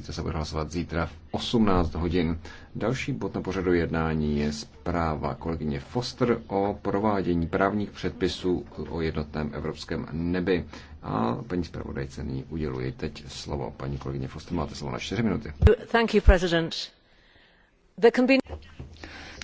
týce se bude hlasovat zítra v 18 hodin. Další bod na pořadu jednání je zpráva kolegyně Foster o provádění právních předpisů o jednotném evropském nebi. A paní zpravodajce nyní uděluji teď slovo. Paní kolegyně Foster, máte slovo na 4 minuty. Thank you, President. There can be...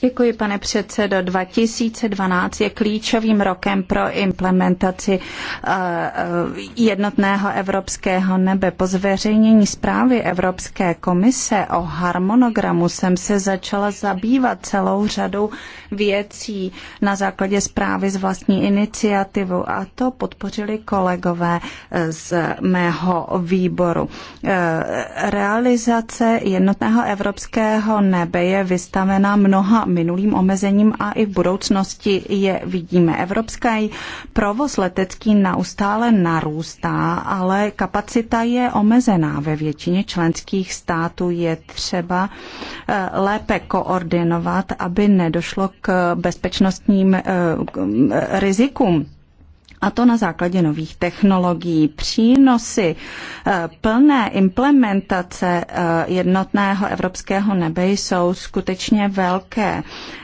Děkuji, pane předsedo. 2012 je klíčovým rokem pro implementaci eh, eh, jednotného evropského nebe. Po zveřejnění zprávy Evropské komise o harmonogramu jsem se začala zabývat celou řadou věcí na základě zprávy z vlastní iniciativu a to podpořili kolegové eh, z mého výboru. Realizace jednotného evropského nebe je vystavena mnoha minulým omezením a i v budoucnosti je vidíme. Evropský provoz letecký neustále narůstá, ale kapacita je omezená. Ve většině členských států je třeba eh, lépe koordinovat, aby nedošlo k bezpečnostním eh, hm, eh, rizikům a to na základě nových technologií. Přínosy eh, plné implementace eh, jednotného evropského nebe jsou skutečně velké.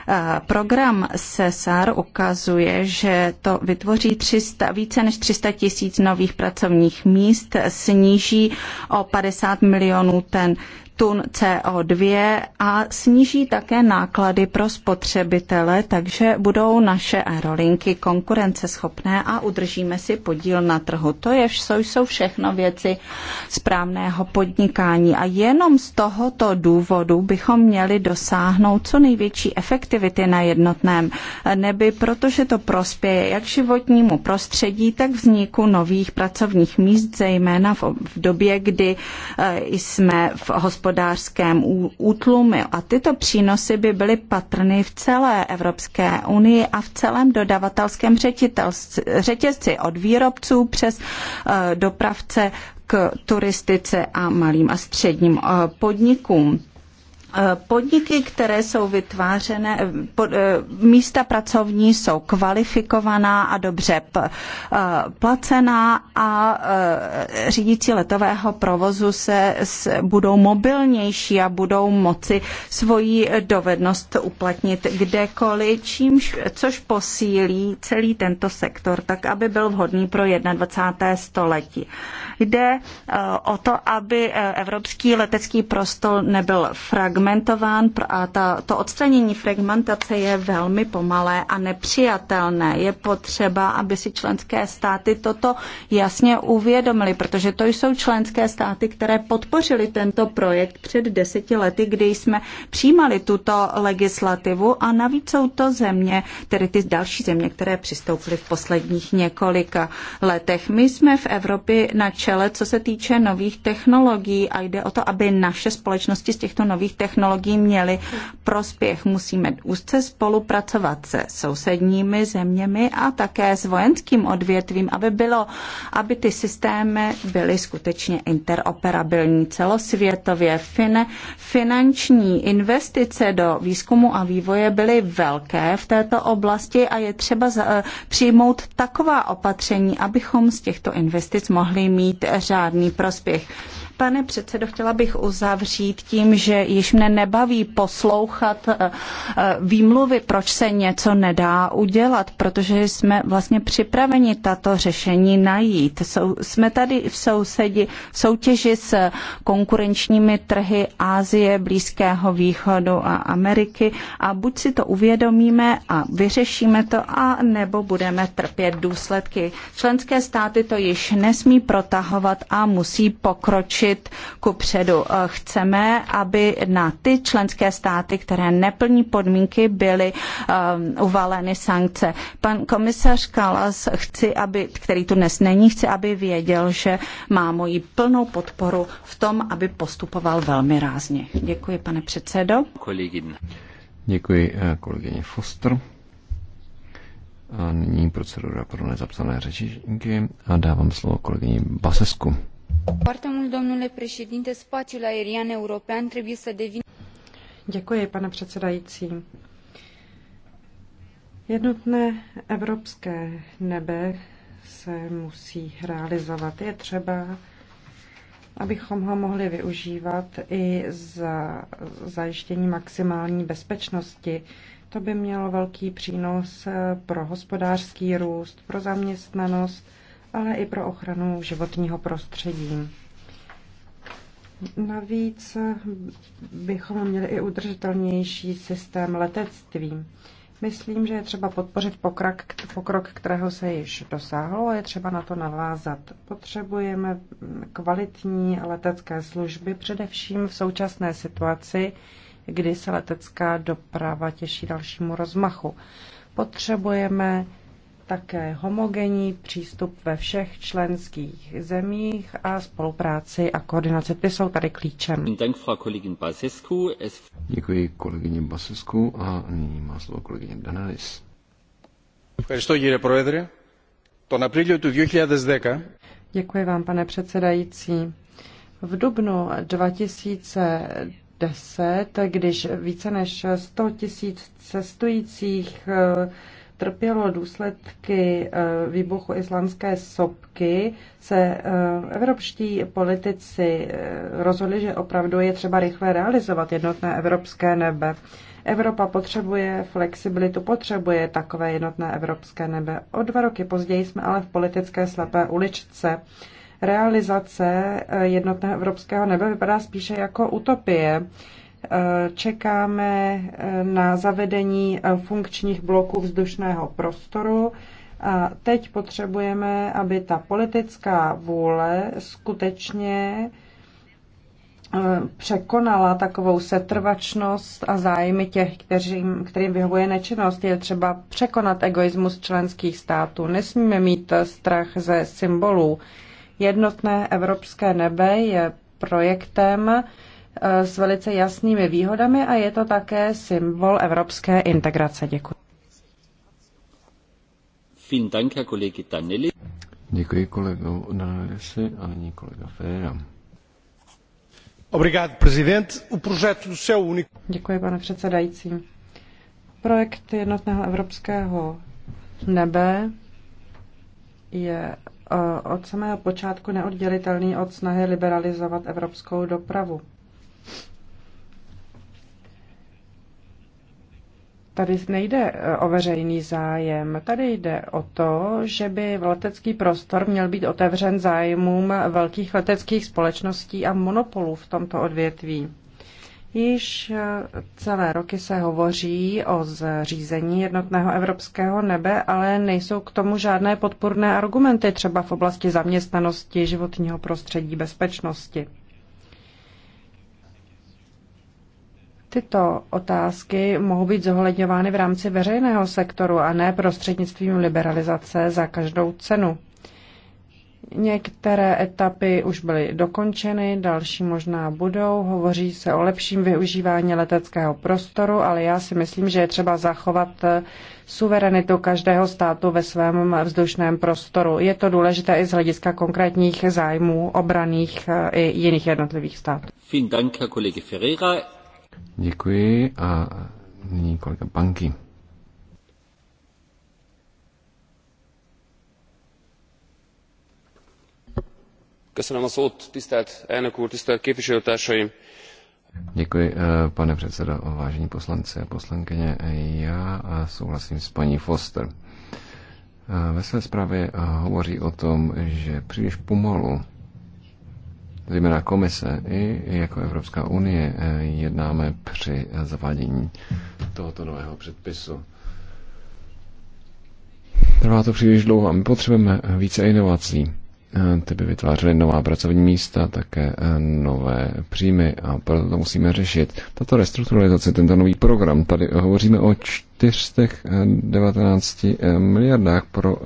Eh, program CESAR ukazuje, že to vytvoří 300, více než 300 tisíc nových pracovních míst, sníží o 50 milionů ten tun CO2 a sníží také náklady pro spotřebitele, takže budou naše aerolinky konkurenceschopné a udržíme si podíl na trhu. To je, jsou všechno věci správného podnikání a jenom z tohoto důvodu bychom měli dosáhnout co největší efektivity na jednotném nebi, protože to prospěje jak životnímu prostředí, tak vzniku nových pracovních míst, zejména v době, kdy eh, jsme v hospodářství hospodářském útlumu. A tyto přínosy by byly patrny v celé Evropské unii a v celém dodavatelském řetězci od výrobců přes eh, dopravce k turistice a malým a středním eh, podnikům. Eh, podniky, které jsou vytvářené, eh, eh, místa pracovní jsou kvalifikovaná a dobře placená a řídící letového provozu se budou mobilnější a budou moci svoji dovednost uplatnit kdekoliv, čímž, což posílí celý tento sektor tak, aby byl vhodný pro 21. století. Jde o to, aby evropský letecký prostor nebyl fragmentovaný fragmentován a ta, to odstranění fragmentace je velmi pomalé a nepřijatelné. Je potřeba, aby si členské státy toto jasně uvědomily, protože to jsou členské státy, které podpořily tento projekt před deseti lety, kdy jsme přijímali tuto legislativu a navíc jsou to země, tedy ty další země, které přistoupily v posledních několika letech. My jsme v Evropě na čele, co se týče nových technologií a jde o to, aby naše společnosti z těchto nových technologií technologií měli prospěch. Musíme úzce spolupracovat se sousedními zeměmi a také s vojenským odvětvím, aby, bylo, aby ty systémy byly skutečně interoperabilní celosvětově. Fin, finanční investice do výzkumu a vývoje byly velké v této oblasti a je třeba eh, přijmout taková opatření, abychom z těchto investic mohli mít řádný prospěch. Pane předsedo, chtěla bych uzavřít tím, že již mne nebaví poslouchat eh, eh, výmluvy, proč se něco nedá udělat, protože jsme vlastně připraveni tato řešení najít. Jsou, jsme tady v sousedi, v soutěži s konkurenčními trhy Asie, Blízkého východu a Ameriky a buď si to uvědomíme a vyřešíme to, a nebo budeme trpět důsledky. Členské státy to již nesmí protahovat a musí pokročit tlačit ku předu. Eh, chceme, aby na ty členské státy, které neplní podmínky, byly um, uvaleny sankce. Pan komisař Kalas, chci, aby, který tu dnes není, chci, aby věděl, že má moji plnou podporu v tom, aby postupoval velmi rázně. Děkuji, pane předsedo. Kolegin. Děkuji eh, kolegyně Foster. A nyní procedura pro nezapsané řečníky a dávám slovo kolegyni Basesku. Děkuji, pane předsedající. Jednotné evropské nebe se musí realizovat. Je třeba, abychom ho mohli využívat i za zajištění maximální bezpečnosti. To by mělo velký přínos pro hospodářský růst, pro zaměstnanost, ale i pro ochranu životního prostředí. Navíc bychom měli i udržitelnější systém letectví. Myslím, že je třeba podpořit pokrok, pokrok, kterého se již dosáhlo a je třeba na to navázat. Potřebujeme kvalitní letecké služby, především v současné situaci, kdy se letecká doprava těší dalšímu rozmachu. Potřebujeme také homogenní přístup ve všech členských zemích a spolupráci a koordinace. Ty jsou tady klíčem. Děkuji kolegyně Basesku a nyní má slovo kolegyně Danalis. Děkuji vám, pane předsedající. V dubnu 2010 když více než 100 tisíc cestujících eh, trpělo důsledky eh, výbuchu islámské sopky, se eh, evropští politici eh, rozhodli, že opravdu je třeba rychle realizovat jednotné evropské nebe. Evropa potřebuje flexibilitu, potřebuje takové jednotné evropské nebe. O dva roky později jsme ale v politické slepé uličce. Realizace jednotného evropského nebe vypadá spíše jako utopie čekáme eh, na zavedení eh, funkčních bloků vzdušného prostoru. A teď potřebujeme, aby ta politická vůle skutečně eh, překonala takovou setrvačnost a zájmy těch, kterým, kterým vyhovuje nečinnost. Je třeba překonat egoismus členských států. Nesmíme mít strach ze symbolů. Jednotné evropské nebe je projektem, Eh, s velice jasnými výhodami a je to také symbol evropské integrace. Děkuji. Děkuji kolego Danelisi a nyní kolega Ferreira. Děkuji, pane předsedající. Projekt jednotného evropského nebe je eh, od samého počátku neoddělitelný od snahy liberalizovat evropskou dopravu. Tady nejde eh, o veřejný zájem, tady jde o to, že by letecký prostor měl být otevřen zájmům velkých leteckých společností a monopolů v tomto odvětví. Již eh, celé roky se hovoří o zřízení jednotného evropského nebe, ale nejsou k tomu žádné podpůrné argumenty, třeba v oblasti zaměstnanosti, životního prostředí, bezpečnosti. tyto otázky mohou být zohledňovány v rámci veřejného sektoru a ne prostřednictvím liberalizace za každou cenu. Některé etapy už byly dokončeny, další možná budou. Hovoří se o lepším využívání leteckého prostoru, ale já si myslím, že je třeba zachovat suverenitu každého státu ve svém vzdušném prostoru. Je to důležité i z hlediska konkrétních zájmů obraných eh, i jiných jednotlivých států. Vielen Dank, Herr Kollege Ferreira. Děkuji a nyní kolega Banky. Děkuji, eh, pane předsedo, vážení poslanci a poslankyně. Já eh, souhlasím s paní Foster. Eh, ve své zprávě hovoří o tom, že příliš pomalu zejména komise i jako Evropská unie eh, jednáme při zavádění tohoto nového předpisu. Trvá to příliš dlouho a my potřebujeme více inovací. Eh, ty by vytvářely nová pracovní místa, také eh, nové příjmy a proto to musíme řešit. Tato restrukturalizace, tento nový program, tady hovoříme o 419 miliardách pro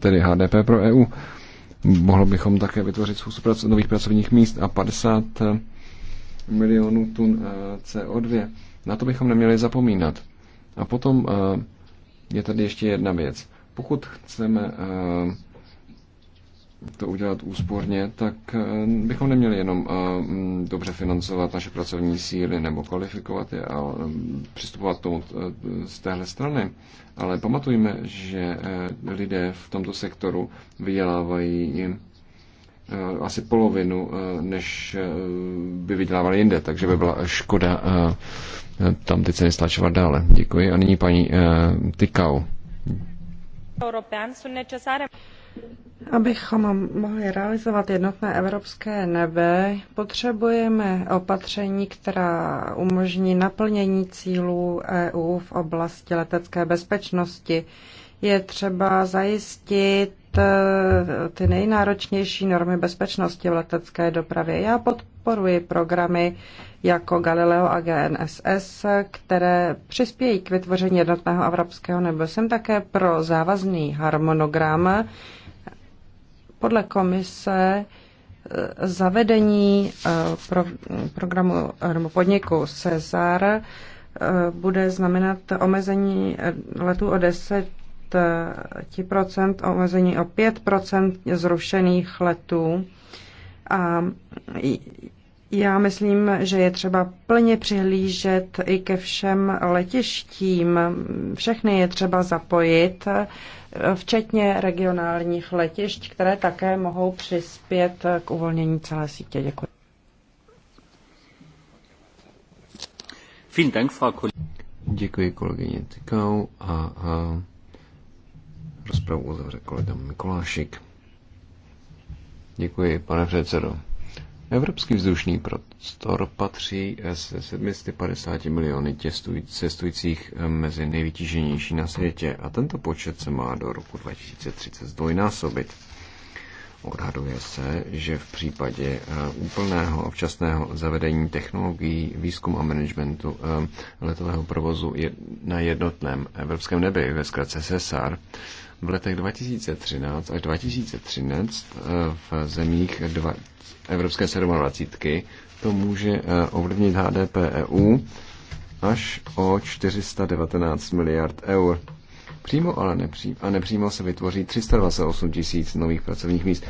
tedy HDP pro EU. Mohlo bychom také vytvořit spoustu nových pracovních míst a 50 eh, milionů tun eh, CO2. Na to bychom neměli zapomínat. A potom eh, je tady ještě jedna věc. Pokud chceme to udělat úsporně, tak eh, bychom neměli jenom eh, mm, dobře financovat naše pracovní síly nebo kvalifikovat je a eh, přistupovat tomu z téhle strany. Ale pamatujme, že lidé v tomto sektoru vydělávají asi polovinu, než by vydělávali jinde, takže by byla škoda tam ty ceny stlačovat dále. Děkuji. A nyní paní Tykau. Abychom mohli realizovat jednotné evropské nebe, potřebujeme opatření, která umožní naplnění cílů EU v oblasti letecké bezpečnosti. Je třeba zajistit Eh, ty nejnáročnější normy bezpečnosti v letecké dopravě. Já podporuji programy jako Galileo a GNSS, které přispějí k vytvoření jednotného evropského nebo jsem také pro závazný harmonogram podle komise eh, zavedení eh, pro, programu nebo podniku Cezar bude znamenat omezení letů o 10 10% omezení o 5% zrušených letů. A já myslím, že je třeba plně přihlížet i ke všem letištím. Všechny je třeba zapojit, včetně regionálních letišť, které také mohou přispět k uvolnění celé sítě. Děkuji. Děkuji kolegyně Tykou a, a Rozpravu uzavře kolega Mikolášik. Děkuji, pane předsedo. Evropský vzdušný prostor patří se 750 miliony cestujících eh, mezi nejvytíženější na světě a tento počet se má do roku 2030 zdvojnásobit. Odhaduje se, že v případě eh, úplného a včasného zavedení technologií výzkum a managementu eh, letového provozu na jednotném evropském nebi, ve zkratce SESAR, v letech 2013 až 2013 eh, v zemích dva, Evropské 27 to může eh, ovlivnit HDP EU až o 419 miliard eur. Přímo ale nepřímo, a nepřímo se vytvoří 328 tisíc nových pracovních míst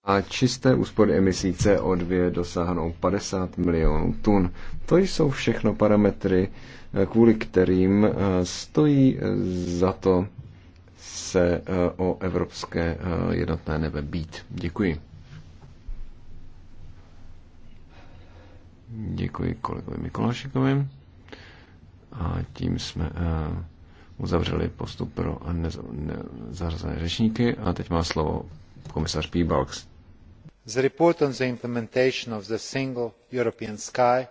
a čisté úspory emisí CO2 dosáhnou 50 milionů tun. To jsou všechno parametry, eh, kvůli kterým eh, stojí eh, za to se o evropské jednotné nebe být. Děkuji. Děkuji kolegovi Mikulášikovi. A tím jsme uzavřeli postup pro nezařazené řečníky. A teď má slovo komisař Píbalks the report on the implementation of the single european sky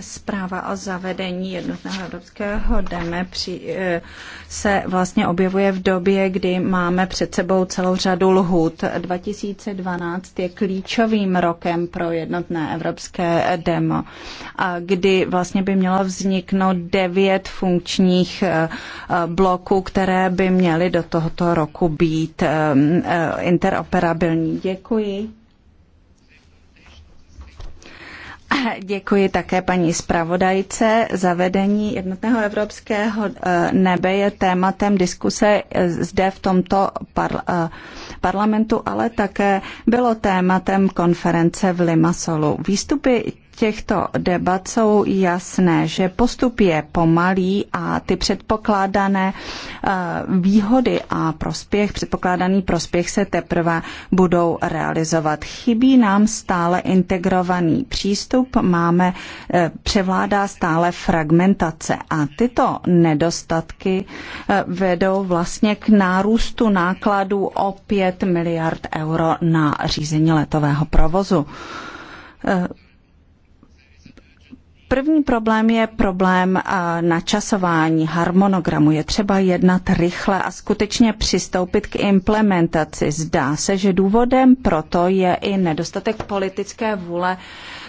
Zpráva o zavedení jednotného evropského DEME při, eh, se vlastně objevuje v době, kdy máme před sebou celou řadu lhůt. 2012 je klíčovým rokem pro jednotné evropské DEMO, kdy vlastně by mělo vzniknout devět funkčních eh, eh, bloků, které by měly do tohoto roku být interoperabilní. Děkuji. Děkuji také paní zpravodajce. Zavedení jednotného evropského eh, nebe je tématem diskuse eh, zde v tomto eh, parlamentu, ale také bylo tématem konference v Limasolu. Výstupy těchto debat jsou jasné, že postup je pomalý a ty předpokládané eh, výhody a prospěch, předpokládaný prospěch se teprve budou realizovat. Chybí nám stále integrovaný přístup, máme, eh, převládá stále fragmentace a tyto nedostatky eh, vedou vlastně k nárůstu nákladů o 5 miliard euro na řízení letového provozu První problém je problém eh, načasování harmonogramu. Je třeba jednat rychle a skutečně přistoupit k implementaci. Zdá se, že důvodem proto je i nedostatek politické vůle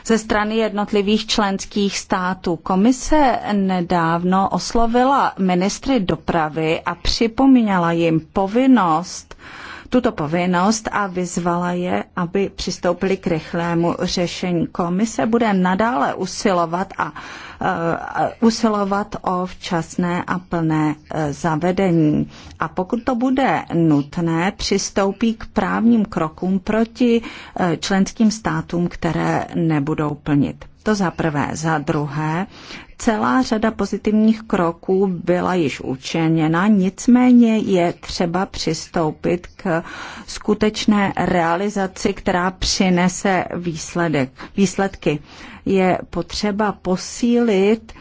ze strany jednotlivých členských států. Komise nedávno oslovila ministry dopravy a připomínala jim povinnost tuto povinnost a vyzvala je, aby přistoupili k rychlému řešení. Komise bude nadále usilovat a uh, usilovat o včasné a plné uh, zavedení. A pokud to bude nutné, přistoupí k právním krokům proti uh, členským státům, které nebudou plnit. To za prvé. Za druhé, Celá řada pozitivních kroků byla již učiněna, nicméně je třeba přistoupit k skutečné realizaci, která přinese výsledek. výsledky. Je potřeba posílit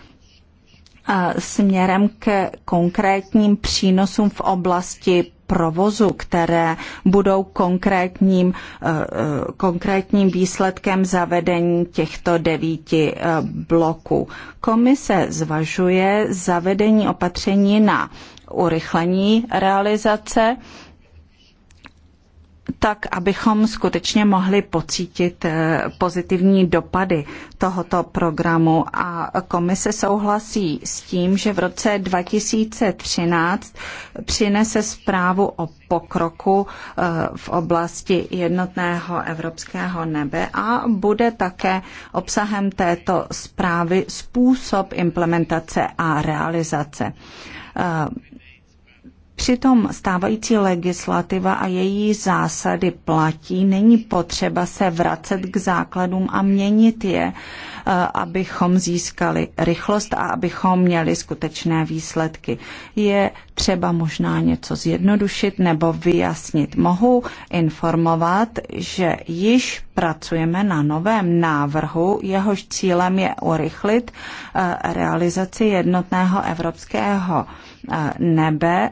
eh, směrem k konkrétním přínosům v oblasti provozu, které budou konkrétním, eh, eh, konkrétním výsledkem zavedení těchto devíti eh, bloků. Komise zvažuje zavedení opatření na urychlení realizace tak abychom skutečně mohli pocítit eh, pozitivní dopady tohoto programu. A komise souhlasí s tím, že v roce 2013 přinese zprávu o pokroku eh, v oblasti jednotného evropského nebe a bude také obsahem této zprávy způsob implementace a realizace eh, Přitom stávající legislativa a její zásady platí, není potřeba se vracet k základům a měnit je, eh, abychom získali rychlost a abychom měli skutečné výsledky. Je třeba možná něco zjednodušit nebo vyjasnit. Mohu informovat, že již pracujeme na novém návrhu, jehož cílem je urychlit eh, realizaci jednotného evropského nebe,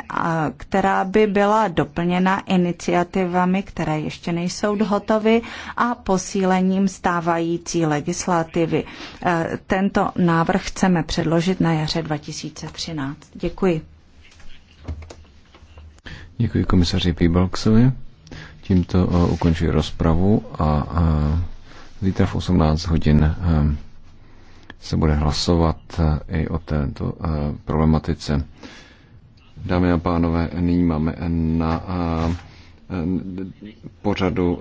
která by byla doplněna iniciativami, které ještě nejsou hotovy a posílením stávající legislativy. E, tento návrh chceme předložit na jaře 2013. Děkuji. Děkuji komisaři Pýbalksovi. Tímto e, ukončuji rozpravu a e, zítra v 18 hodin se bude hlasovat e, i o této e, problematice. Dámy a pánové, nyní máme na e, pořadu